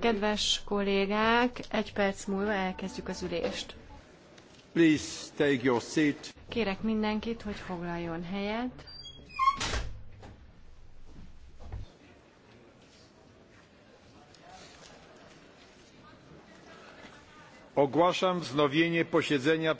Kedves kollégák, egy perc múlva elkezdjük az ülést. Please take your seat. Kérek mindenkit, hogy foglaljon helyet. Ogłaszam wznowienie posiedzenia.